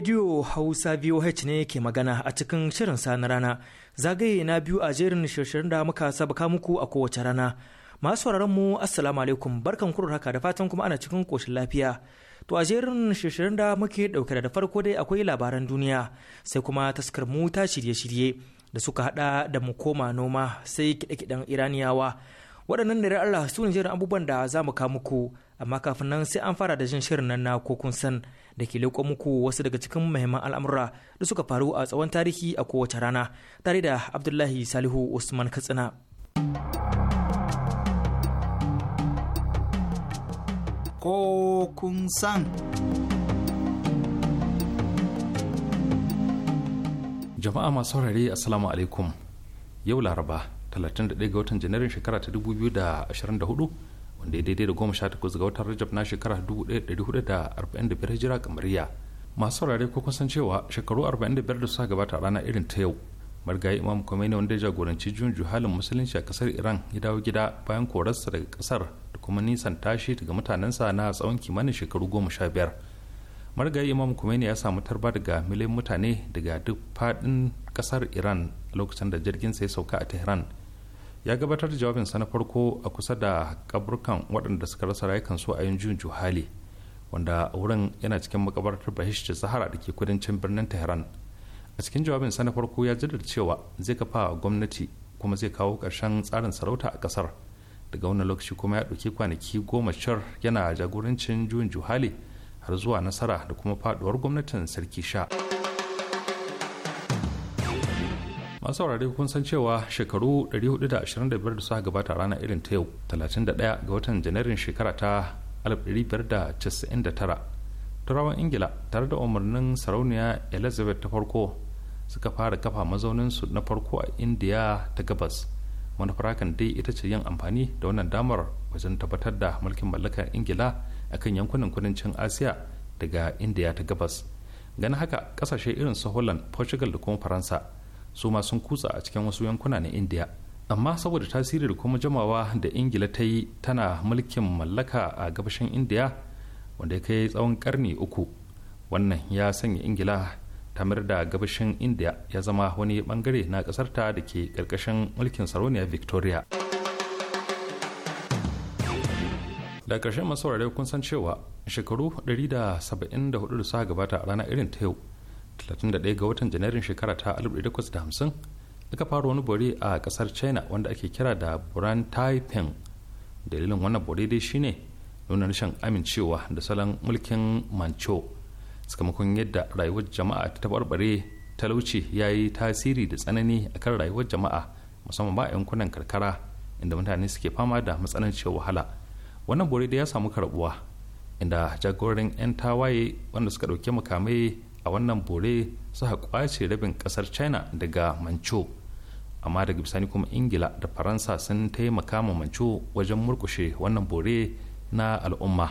Radio Hausa VOH ne ke magana a cikin shirin sa na rana. Zagaye na biyu a jerin shirin da muka sabaka muku a kowace rana. Masu mu Assalamu alaikum barkan kurar haka da fatan kuma ana cikin koshin lafiya. To a jerin shirin da muke dauke da farko dai akwai labaran duniya sai kuma taskar mu ta shirye-shirye da suka hada da mu koma noma sai kiɗe kidan Iraniyawa. waɗannan da Allah su ne jerin abubuwan da za mu kawo muku amma kafin nan sai an fara da jin shirin nan na ko kun san da ke leƙo muku wasu daga cikin muhimman al'amura da suka faru a tsawon tarihi a kowace rana tare da Abdullahi Salihu Usman Katsina. Ko kun san. Jama'a masu saurare Assalamu alaikum. Yau Laraba 31 ga watan janairun shekara ta 2024 wanda ya daidai da 18 ga watan rajab na shekara 1445 hijira kamariya masu saurare ko kusan cewa shekaru 45 da suka gabata a rana irin ta yau margayi imam Khomeini wanda ya jagoranci juyin juhalin musulunci a kasar iran ya dawo gida bayan korarsa daga kasar da kuma nisan tashi daga mutanensa na tsawon kimanin shekaru goma sha biyar margayi imam Khomeini ya samu tarba daga miliyan mutane daga duk fadin kasar iran lokacin da jirgin sa ya sauka a tehran ya gabatar da jawabinsa na farko a kusa da kaburkan waɗanda suka rasa rayukansu a yin juyin juhali wanda wurin yana cikin makabartar bahish da sahara da ke kudancin birnin tehran a cikin jawabinsa na farko ya jaddada cewa zai kafa gwamnati kuma zai kawo ƙarshen tsarin sarauta a ƙasar daga wannan lokaci kuma ya ɗauki kwanaki goma shar yana jagorancin juyin juhali har zuwa nasara da kuma faɗuwar gwamnatin sarki sha. masu saurare kun san cewa shekaru 425 da suka gabata rana irin ta yau 31 ga watan janairun shekara ta 1599 turawan ingila tare da umarnin sarauniya elizabeth ta farko suka fara kafa mazaunin su na farko a indiya ta gabas manufar hakan dai ita ce yin amfani da wannan damar wajen tabbatar da mulkin mallakar ingila a kan yankunan kudancin asiya daga indiya ta gabas ganin haka kasashe irin su holland portugal da kuma faransa su ma sun kutsa a cikin wasu yankuna na indiya amma saboda tasirin kuma jamawa da ingila ta yi tana mulkin mallaka a gabashin indiya wanda ya kai tsawon karni uku wannan ya sanya ingila tamar da gabashin indiya ya zama wani bangare na kasarta da ke karkashin mulkin sarauniya victoria da karshen masu kun san cewa shekaru 174 da suka gabata a ranar irin ta yau 31 ga watan janairun shekara ta 1850 aka fara wani bore a kasar china wanda ake kira da buran taiping dalilin wannan bore dai shine nuna rashin amincewa da salon mulkin mancho sakamakon yadda rayuwar jama'a ta tabarbare talauci ya yi tasiri da tsanani akan rayuwar jama'a musamman ba a yankunan karkara inda mutane suke fama da matsananciyar wahala wannan bore da ya samu karbuwa inda jagororin 'yan tawaye wanda suka ɗauki makamai a wannan bore suka kwace rabin kasar china daga manco amma daga bisani kuma ingila da faransa sun taimaka ma manco wajen murkushe wannan bore na al'umma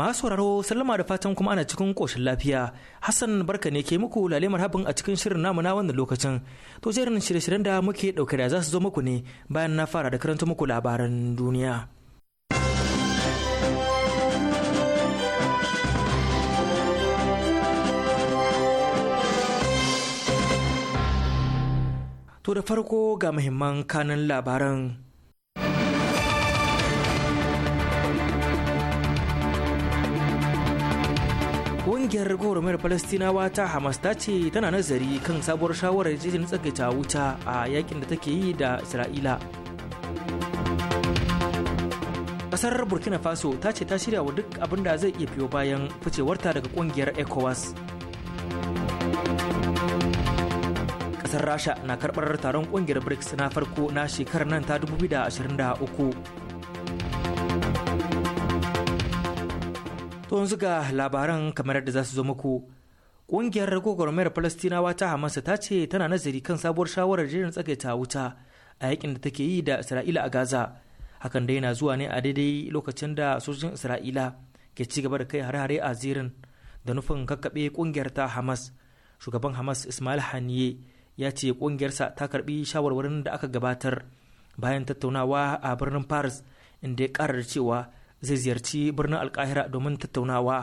masu sauraro sallama da fatan kuma ana cikin koshin lafiya hassan barka ne ke muku lalemar habin a cikin shirin namu na wannan lokacin to jerin shirye-shiryen da muke dauke da za su zo muku ne bayan na fara da karanta muku labaran duniya to da farko ga muhimman kanan labaran Ƙungiyar gwamnatin Falastinawa ta Hamas ta ce tana nazari kan sabuwar shawarar jijin tsagaita wuta a yakin da take yi da Isra'ila. Ƙasar Burkina Faso ta ce ta shirya wa duk abin da zai iya fiyo bayan ficewarta daga ƙungiyar ECOWAS. Ƙasar Rasha na karɓar taron ƙungiyar BRICS na farko na shekarar nan ta 2023. to yanzu ga labaran kamar da za su zo muku ƙungiyar gwagwarmayar falastinawa ta hamas ta ce tana nazari kan sabuwar shawarar jirin tsagaita wuta a yakin da take yi da isra'ila a gaza hakan dai na zuwa ne a daidai lokacin da sojojin isra'ila ke ci gaba da kai hare-hare a zirin da nufin kakkaɓe ƙungiyar ta hamas shugaban hamas ismail haniye ya ce ƙungiyarsa ta karɓi shawarwarin da aka gabatar bayan tattaunawa a birnin paris inda ya ƙara cewa zai ziyarci birnin alkahira domin tattaunawa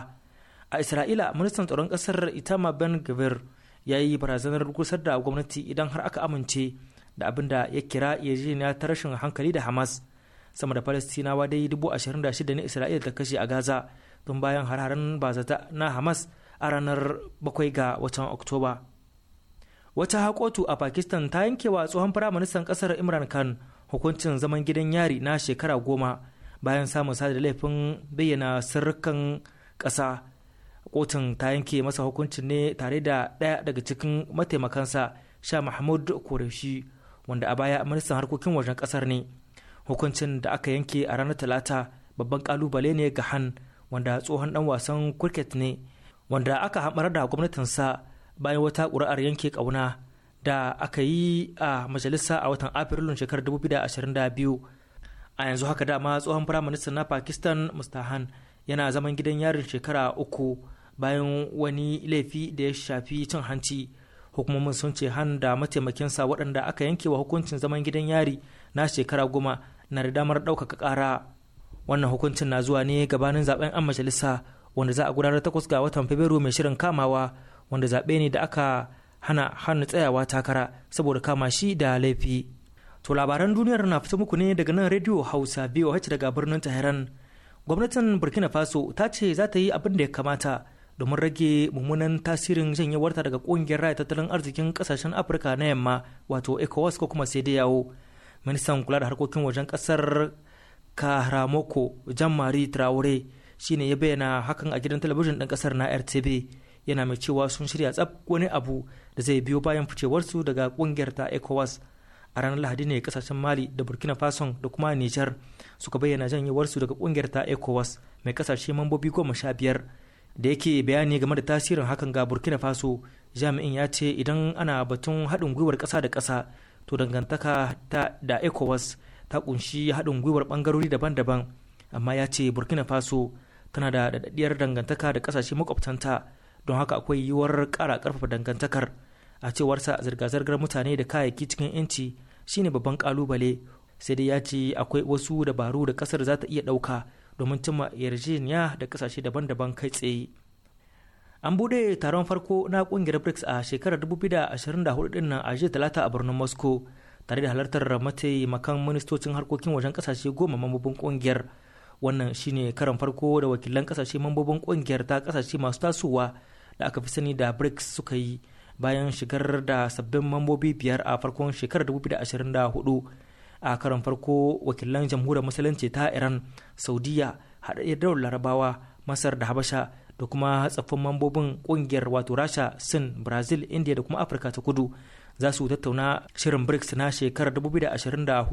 a isra'ila ministan tsaron kasar itama ben gavir ya yi barazanar gusar da gwamnati idan har aka amince da abin da ya kira yarjejeniya ta rashin hankali da hamas sama da falastinawa dai dubu ashirin da shida ne isra'ila ta kashe a gaza tun bayan har-haren bazata na hamas a ranar bakwai ga watan oktoba wata hakotu a pakistan ta yankewa tsohon firaministan kasar imran khan hukuncin zaman gidan yari na shekara goma bayan samun sadar laifin bayyana sirrukan ƙasa kotun ta yanke masa hukuncin ne tare da ɗaya daga cikin mataimakansa sha mahmud koreshi wanda a baya ministan harkokin wajen ƙasar ne hukuncin da aka yanke a ranar talata babban kalubale ne ga han wanda tsohon dan wasan kurket ne wanda aka hamar da gwamnatinsa bayan wata ƙuri'ar yanke ƙauna da aka yi a majalisa a watan afrilun shekarar 2022 a yanzu haka dama tsohon firaministan na pakistan mustahan yana zaman gidan yarin shekara uku bayan wani laifi da ya shafi cin hanci hukumomin sun ce han da mataimakinsa waɗanda aka yanke wa hukuncin zaman gidan yari na shekara goma na da damar ɗaukaka ƙara wannan hukuncin na zuwa ne gabanin zaben an majalisa wanda za a gudanar takwas ga watan fabrairu mai shirin kamawa wanda zaɓe ne da aka hana hannu tsayawa takara saboda kama shi da laifi To labaran duniyar na fito muku ne daga nan Radio Hausa VOH daga birnin Tehran. Gwamnatin Burkina Faso ta ce za ta yi abin da ya kamata domin rage mummunan tasirin janyewarta daga kungiyar raya tattalin arzikin kasashen Afirka na yamma wato ECOWAS ko kuma sai yawo. Ministan kula da harkokin wajen kasar Kahramoko Jean-Marie Traore shine ya bayyana hakan a gidan talabijin ɗin kasar na RTB yana mai cewa sun shirya tsaf wani abu da zai biyo bayan ficewarsu daga kungiyar ta ECOWAS. a ranar lahadi ne kasashen mali da burkina faso da kuma niger suka bayyana janyewarsu daga kungiyar ta ecowas mai kasashe mambobi goma sha biyar da yake bayani game da tasirin hakan ga burkina faso jami'in ya ce idan ana batun haɗin gwiwar ƙasa da ƙasa to dangantaka ta da ecowas ta kunshi haɗin gwiwar ɓangarori daban-daban amma ya ce burkina faso tana da daɗaɗɗiyar dangantaka da ƙasashe makwabtanta don haka akwai yiwuwar ƙara ƙarfafa dangantakar a cewarsa zirga-zirgar mutane da kayayyaki cikin 'yanci shine babban kalubale sai dai ya ce akwai wasu dabaru da kasar za ta iya dauka domin cimma yarjejeniya da kasashe daban-daban kai tsaye an buɗe taron farko na ƙungiyar brics a shekarar 2024 din nan a jiya talata a birnin moscow tare da halartar makan ministocin harkokin wajen kasashe goma mambobin ƙungiyar wannan shine karan farko da wakilan kasashe mambobin ƙungiyar ta kasashe masu tasowa da aka fi sani da brics suka yi bayan shigar da sabbin mambobi biyar a farkon shekarar 2024 a karon farko wakilan jamhuriyar musulunci ta iran saudiya haɗaɗɗiyar da larabawa masar da habasha da kuma tsaffin mambobin ƙungiyar wato rasha sin brazil india da kuma afirka ta kudu za su tattauna shirin brics na shekarar 2024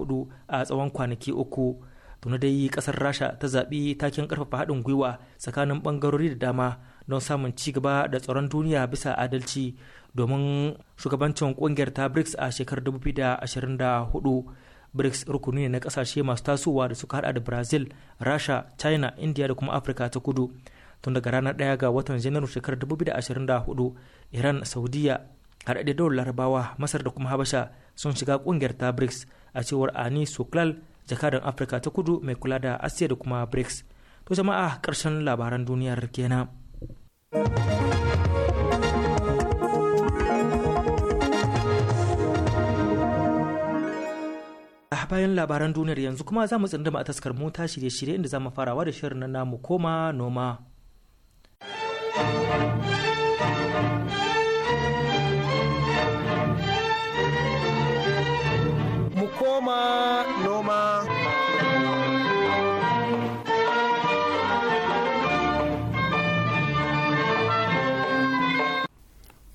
a tsawon kwanaki uku tuni dai kasar rasha ta zaɓi takin ƙarfafa haɗin gwiwa tsakanin ɓangarori da dama don samun ci gaba da tsaron duniya bisa adalci domin shugabancin kungiyar ta brics a shekarar 2024 brics rukuni ne na kasashe masu tasowa da suka hada da brazil rasha china india da kuma afirka ta kudu tun daga ranar 1 ga watan janairu shekarar 2024 iran saudiya haɗaɗɗiyar larabawa masar da kuma habasha sun shiga kungiyar ta brics a cewar ani Soklal, jakadan afirka ta kudu mai kula da asiya da kuma brics to jama'a karshen labaran duniyar kenan. bayan labaran duniyar yanzu kuma za mu tsindama a taskar mota shirye-shirye inda za mu farawa da shirin na namu koma noma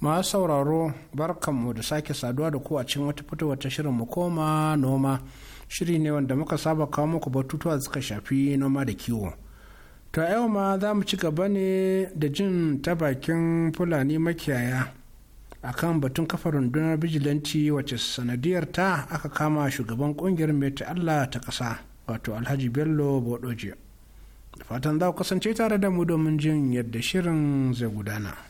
Ma sauraro barkan mu da sake saduwa da ku a cikin wata fitowar ta shirin mu koma noma shiri ne wanda muka saba kawo muku batutuwa da suka shafi noma da kiwo to yau ma za mu ci gaba ne da jin ta bakin fulani makiyaya a kan batun kafa rundunar bijilanci wacce sanadiyar ta aka kama shugaban kungiyar mai allah ta Kasa, wato alhaji bello bodoje fatan za ku kasance tare da mu domin jin yadda shirin zai gudana.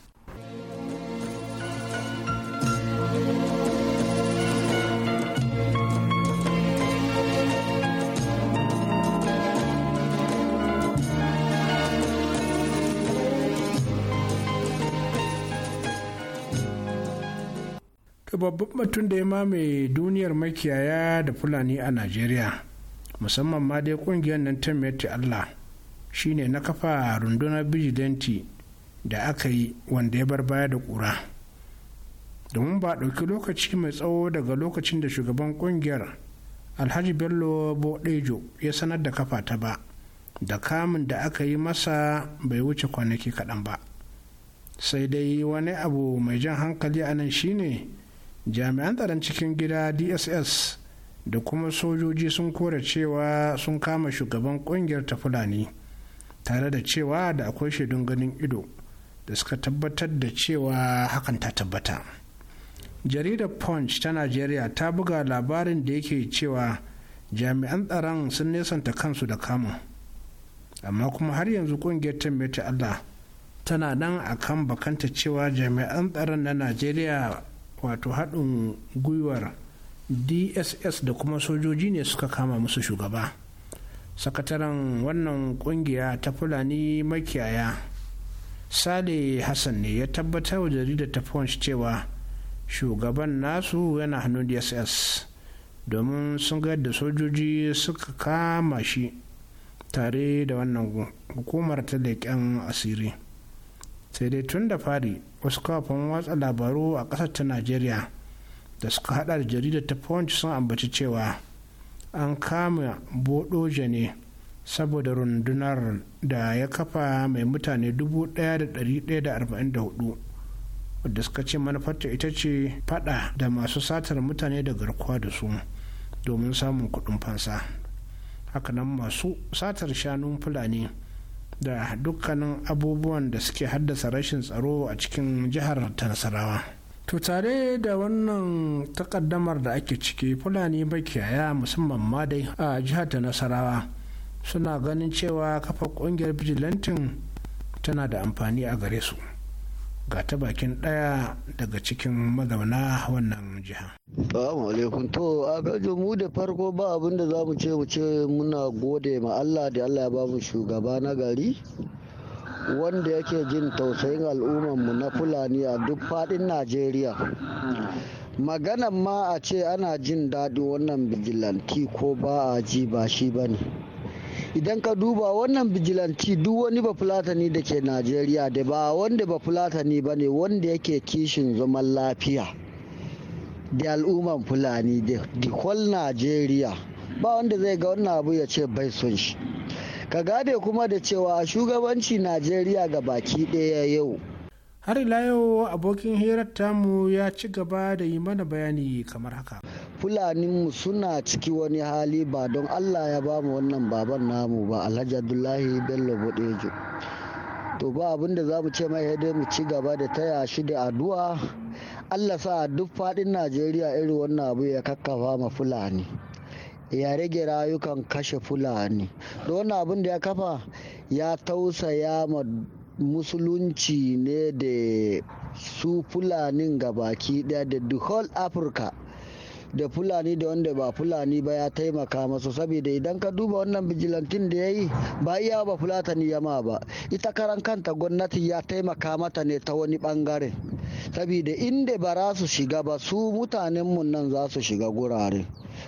babban batun da ya mame duniyar makiyaya da fulani a najeriya musamman ma dai kungiyar nan ta allah shine na kafa rundunar bijilanti da aka yi wanda ya bar baya da kura domin ba ɗauki lokaci mai tsawo daga lokacin da shugaban kungiyar alhaji bello bodejo ya sanar da kafa ta ba da kamun da aka yi masa bai wuce kwanaki kaɗan ba sai dai wani abu mai jan hankali a nan shine jami'an tsaron cikin gida dss da kuma sojoji sun kora cewa sun kama shugaban kungiyar ta fulani tare da cewa da akwai shaidun ganin ido da suka tabbatar da cewa hakan ta tabbata jaridar punch ta najeriya ta buga labarin da yake cewa jami'an tsaron sun nesanta kansu da kamun amma kuma har yanzu kungiyar ta allah tana nan akan bakanta cewa jami'an tsaron na najeriya wato haɗin gwiwar dss da kuma sojoji ne suka kama musu shugaba sakataren wannan kungiya ta fulani makiyaya sale hassan ne ya tabbatar wa jaridar ta punch cewa shugaban nasu yana hannun dss domin sun ga da sojoji suka kama shi tare da wannan hukumar ta leƙen asiri sai dai tun da fari wasu kafin watsa labaru a ƙasar ta najeriya da suka hada da jaridar ta punch sun ambaci cewa an kama bodoje ne saboda rundunar da ya kafa mai mutane 1144 wadda suka ce manufarta ita ce fada da masu satar mutane da garkuwa da su domin samun kudin fansa hakanan masu satar shanun fulani da dukkanin abubuwan da suke haddasa rashin tsaro a cikin jihar ta nasarawa to tare da wannan takaddamar da ake ciki fulani makiyaya musamman ma dai a jihar ta nasarawa suna ganin cewa kafa kungiyar vigilantin tana da amfani a gare su ga ta bakin ɗaya daga cikin mazauna wannan jiha. Salamu alaikum to a gajo mu da farko ba abin da za mu ce mu ce muna gode ma Allah da Allah ya ba mu shugaba na gari wanda yake jin tausayin al'ummarmu na Fulani a duk faɗin Najeriya. Maganan ma a ce ana jin daɗi wannan bigilanti ko ba a ji ba shi ba ne. idan ka duba wannan bijilanci duk wani fulatani da ke najeriya da ba wanda ba fulatani ba ne wanda yake kishin zaman lafiya da al'umman fulani da whole najeriya ba wanda zai ga wannan abu ya ce bai son shi ka gade kuma da cewa shugabanci najeriya ga baki ɗaya yau har ila yau abokin hirar tamu ya ci gaba da yi mana bayani kamar haka fulaninmu suna ciki wani hali ba don allah ya ba mu wannan baban namu ba alhaji abdullahi bello bodejo to ba abin da za mu ce mai dai mu ci gaba da taya shi da addu'a allah sa duk fadin najeriya irin wannan abu ya kakkafa ma fulani ya rage rayukan kashe fulani da wani abin da ya kafa ya tausaya ma musulunci ne da su fulanin ga baki daya da the whole africa da fulani da wanda ba fulani ba ya taimaka masu saboda idan ka duba wannan bijilantin da ya yi ba iya ba fulatani yama ba ita karan kanta gwamnati ya taimaka mata ne ta wani bangare saboda inda ba za su shiga ba su mutanenmu nan za su shiga gurare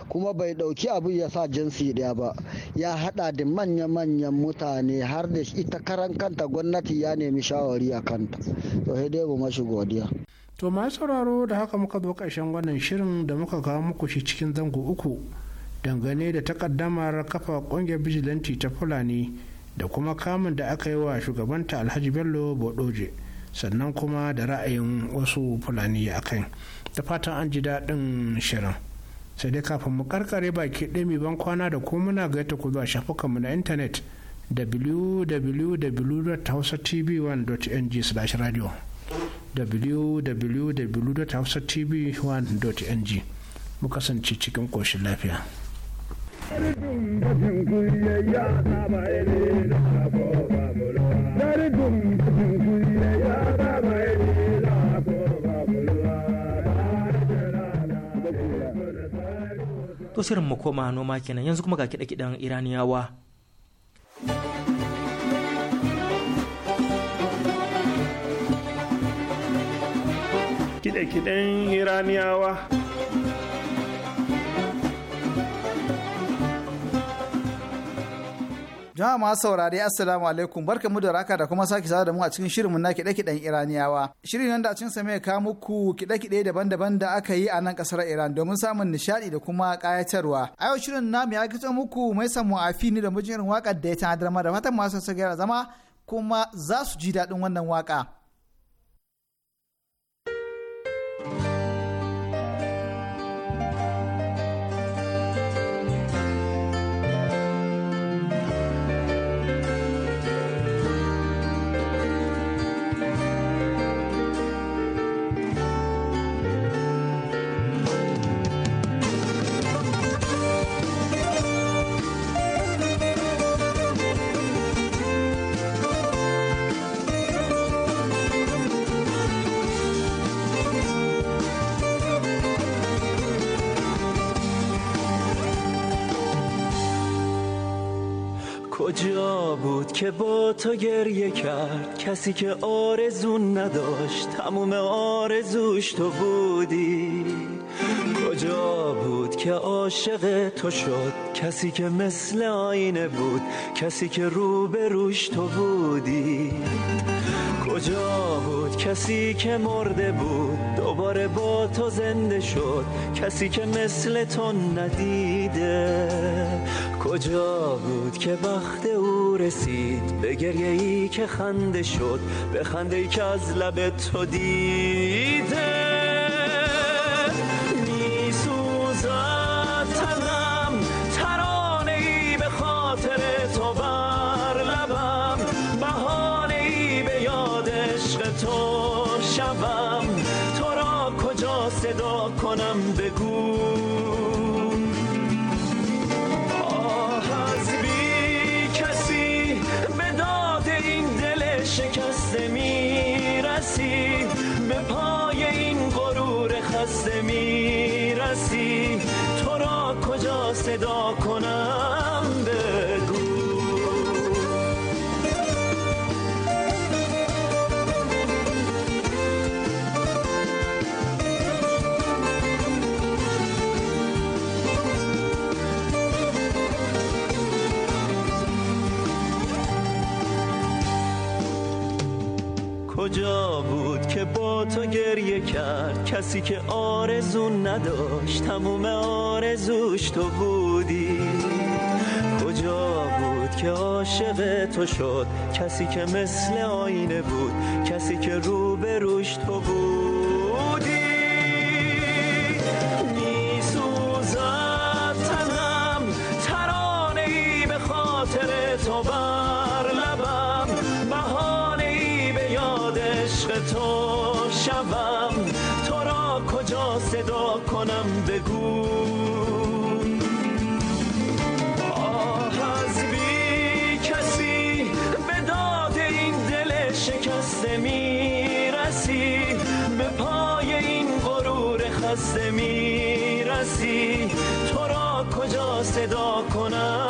kuma bai ɗauki abu ya sa jinsi daya ba ya haɗa da manya-manyan mutane har da ita karan kanta gwamnati ya nemi shawari a kanta to dai mu mashi godiya To masu sauraro da haka muka zo ƙarshen wannan shirin da muka kawo muku shi cikin zango uku dangane da takaddamar kafa ƙungiyar bijilanti ta Fulani da kuma kamun da aka yi wa shugabanta Alhaji Bello Bodoje sannan kuma da ra'ayin wasu Fulani a kai. Da fatan an ji daɗin shirin. Sai dai kafin mu karkare baki ɗaya mai ban kwana da ko muna gaita ku zuwa shafukanmu na intanet www.hausatv1.ng/radio. www.hausatv1.ng mu kasance cikin koshin lafiya. To mu koma noma kenan yanzu kuma ga kiɗe-kiɗen Iraniyawa. kiɗe-kiɗen iraniyawa jama'a masu saurari assalamu alaikum barka mu da raka da kuma sake sada da mu a cikin shirinmu na kiɗe-kiɗen iraniyawa shirin nan da cin sa mai ka muku kiɗe-kiɗe daban-daban da aka yi a nan ƙasar iran domin samun nishaɗi da kuma ƙayatarwa a yau shirin namu ya kitso muku mai samu afini da mijin irin waƙar da ya tanadar da fatan masu sa zama kuma za su ji daɗin wannan waƙa. که با تو گریه کرد کسی که آرزون نداشت تموم آرزوش تو بودی کجا بود که عاشق تو شد کسی که مثل آینه بود کسی که روش تو بودی کجا بود کسی که مرده بود دوباره با تو زنده شد کسی که مثل تو ندیده کجا بود که وقت او رسید به گریه ای که خنده شد به خنده ای که از لب تو دیده کجا بود که با تو گریه کرد کسی که آرزو نداشت تموم آرزوش تو بودی کجا بود که عاشق تو شد کسی که مثل آینه بود کسی که روبروش تو بود میرسی تو را کجا صدا کنم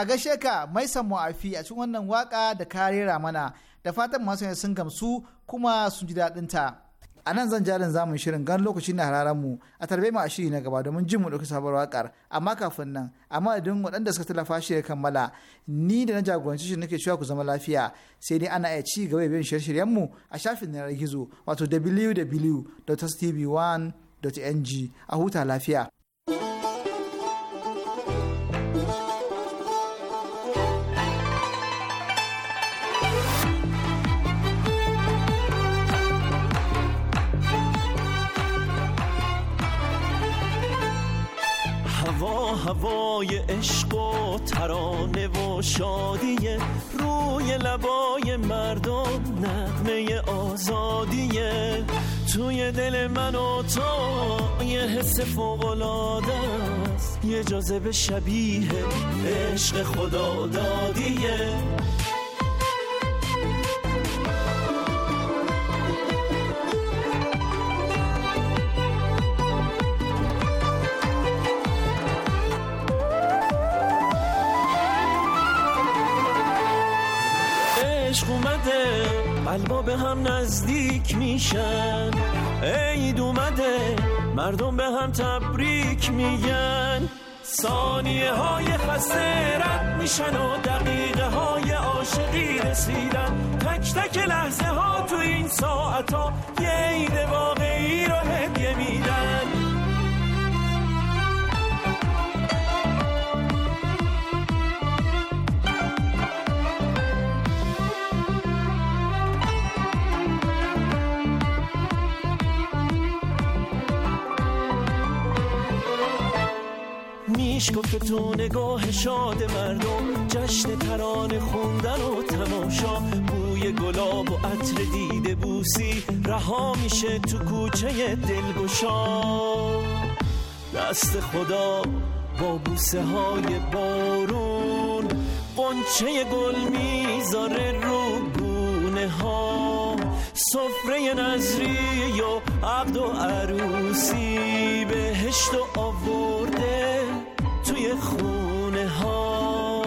a gaishe ka mai samu afi a cikin wannan waka da ka rera mana da fatan masu sun gamsu kuma sun ji daɗin ta. A nan zan jarin zamun shirin gan lokaci na hararen mu a tarbe mu a shiri na gaba domin jin mu ɗauki sabuwar wakar amma kafin nan amma idan waɗanda suka tallafa shi ya kammala ni da na jagoranci shi nake cewa ku zama lafiya sai dai ana iya ci gaba bin shirye-shiryen mu a shafin yanar gizo wato www.tv1.ng a huta lafiya. های عشق و ترانه و شادی روی لبای مردم نقمه آزادیه توی دل من و تو یه حس فوقلاده است یه جاذبه شبیه عشق خدا دادیه قلبا به هم نزدیک میشن عید اومده مردم به هم تبریک میگن ثانیه های خسته رد میشن و دقیقه های عاشقی رسیدن تک تک لحظه ها تو این ساعت ها یه عید واقعی رو هدیه میدن گفت تو نگاه شاد مردم جشن ترانه خوندن و تماشا بوی گلاب و عطر دیده بوسی رها میشه تو کوچه دلگشا دست خدا با بوسه های بارون قنچه گل میذاره رو گونه ها سفره نظری و عقد و عروسی بهشت و آوون خونه ها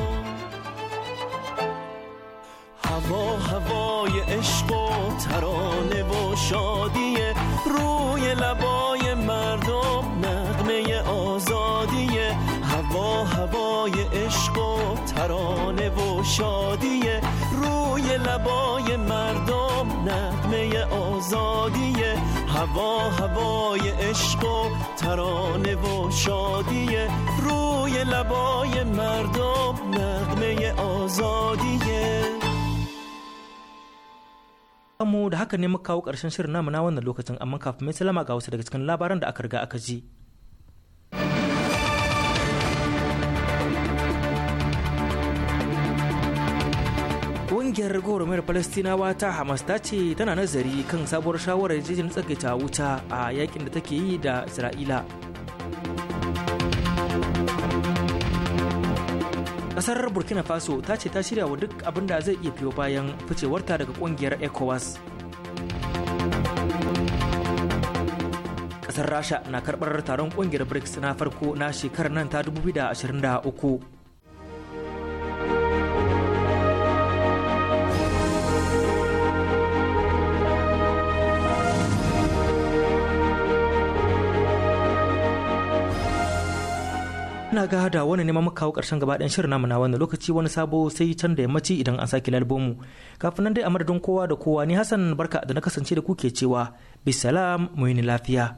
هوا هوای عشق و ترانه و شادی روی لبای مردم نغمه آزادی هوا هوای عشق و ترانه و شادی روی لبای مردم نغمه آزادی هوا هوای عشق و ترانه و شادی روی لبای مردم نغمه آزادیه mu da haka ne muka kawo ƙarshen shirin namu na wannan lokacin amma kafin mai salama ga wasu daga cikin labaran da aka riga aka ji kungiyar gwamnatin palestinawa ta Hamas ta ce tana nazari kan sabuwar shawarar jijin tsakaita wuta a yakin da take yi da Isra'ila. kasar Burkina Faso ta ce ta shirya wa duk abin da zai iya fiyo bayan ficewarta daga ƙungiyar ECOWAS. kasar Rasha na karbar taron ƙungiyar BRICS na farko na shekarar nan ta 2023. ina ga da wani neman muka kawo karshen gaba ɗayan shirin namu na wannan lokaci wani sabo sai can da yammaci idan an sake lalbomu kafin nan dai a madadin kowa da kowa ni hassan barka da na kasance da kuke ke cewa bisalam mu yi lafiya